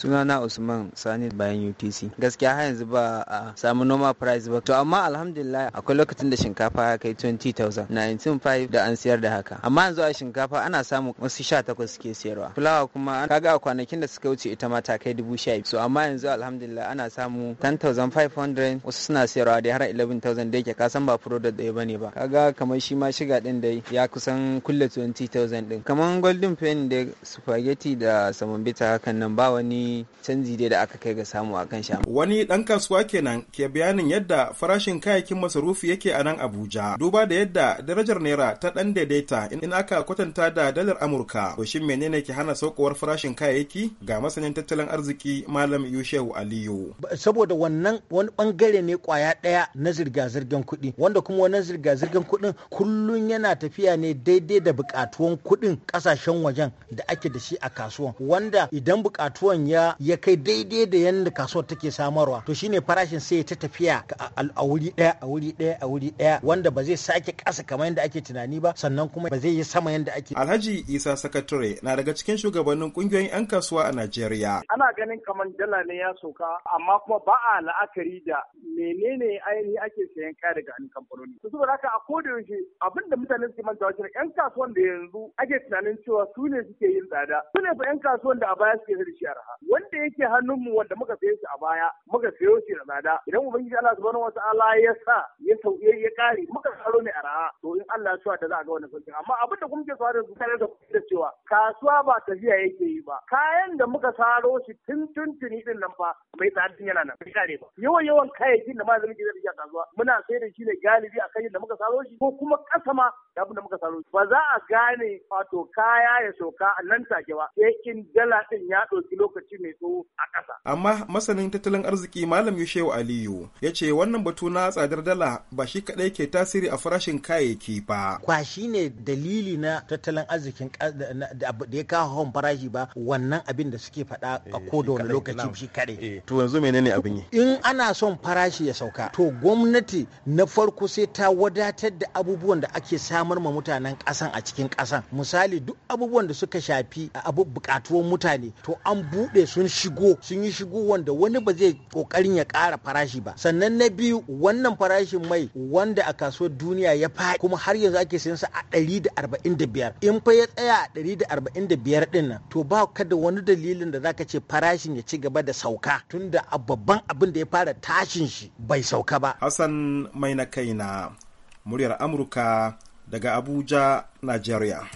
sunana usman sani bayan utc gaskiya har yanzu ba a samu normal price ba to amma alhamdulillah akwai lokacin da shinkafa ya kai 20000 19.5 da an siyar da haka amma yanzu a shinkafa ana samun wasu 18 suke siyarwa fulawa kuma kaga a kwanakin da suka wuce ita ma ta kai 10000 so amma yanzu alhamdulillah ana samu 10500 wasu suna siyarwa yara har 11000 da yake ka san ba product ɗaya bane ba kaga kamar shi ma shiga din da ya kusan kulle 20000 din kamar golden penny da spaghetti da samambita hakan nan ba wani wani canji dai da aka kai ga samu a kan Wani ɗan kasuwa kenan ke bayanin yadda farashin kayayyakin masarufi yake a nan Abuja. Duba da yadda darajar naira ta ɗan daidaita in aka kwatanta da dalar Amurka. To shin menene ke hana saukowar farashin kayayyaki ga masanin tattalin arziki Malam Yushehu Aliyu. Saboda wannan wani bangare ne kwaya ɗaya na zirga-zirgar kuɗi wanda kuma wannan zirga-zirgar kuɗin kullum yana tafiya ne daidai da buƙatuwan kuɗin ƙasashen wajen da ake da shi a kasuwan wanda idan buƙatuwan ya ya ya kai daidai da yadda kasuwar take samarwa to shine farashin sai ta tafiya a wuri daya a wuri daya a wuri daya wanda ba zai sake kasa kamar yadda ake tunani ba sannan kuma ba zai yi sama yadda ake Alhaji Isa Sakatare na daga cikin shugabannin kungiyoyin 'yan kasuwa a Najeriya ana ganin kamar dala ne ya soka amma kuma ba a la'akari da menene ainihi ake sayan kaya daga hannun kamfanoni to saboda haka a koda yaushe abin da mutane suke manta wajen 'yan kasuwan da yanzu ake tunanin cewa su ne suke yin tsada su ne fa 'yan kasuwan da a baya suke da shi arha wanda yake hannunmu wanda muka sayo shi a baya muka sayo shi da tsada idan ubangiji Allah subhanahu wataala ya sa ya sauye ya kare muka karo ne a raha to in Allah ya da za a ga wannan sauƙin amma abin da kuma ke so da su kare da da cewa kasuwa ba tafiya yake yi ba kayan da muka saro shi tun tuni din nan fa mai tsadin yana nan bai kare ba yawan yawan kayayyakin da malamin ke da kasuwa muna sayar da shi ne galibi a kan yadda muka saro shi ko kuma kasa ma da abin da muka saro shi ba za a gane wato kaya ya sauka nan take ba sai in dala din ya ɗauki lokaci mai zo a ƙasa. Amma masanin tattalin arziki Malam Yushewu Aliyu ya ce wannan batu na tsadar dala ba shi kaɗai ke tasiri a farashin kayayyaki ba. Kwa shi ne dalili na tattalin arzikin da ya kawo hawan farashi ba wannan abin da suke faɗa a eh, da wani lokaci shi kaɗai. Eh, to yanzu menene abin yi? In ana son farashi ya sauka to gwamnati na farko sai ta wadatar da abubuwan da ake samar ma mutanen ƙasan a cikin ƙasan. Misali duk abubuwan da suka shafi abu bukatuwan mutane to an buɗe sun shigo sun yi shigo wanda wani ba zai kokarin ya ƙara farashi ba sannan na biyu wannan farashin mai wanda a kasuwar duniya ya faɗi kuma har yanzu ake sayan sa a biyar in fa ya tsaya a 145 din nan to ba ka da wani dalilin da zaka ce farashin ya ci gaba da sauka tunda a babban abin da ya fara tashin shi bai sauka ba Hassan mai na kai na muryar Amurka daga Abuja Nigeria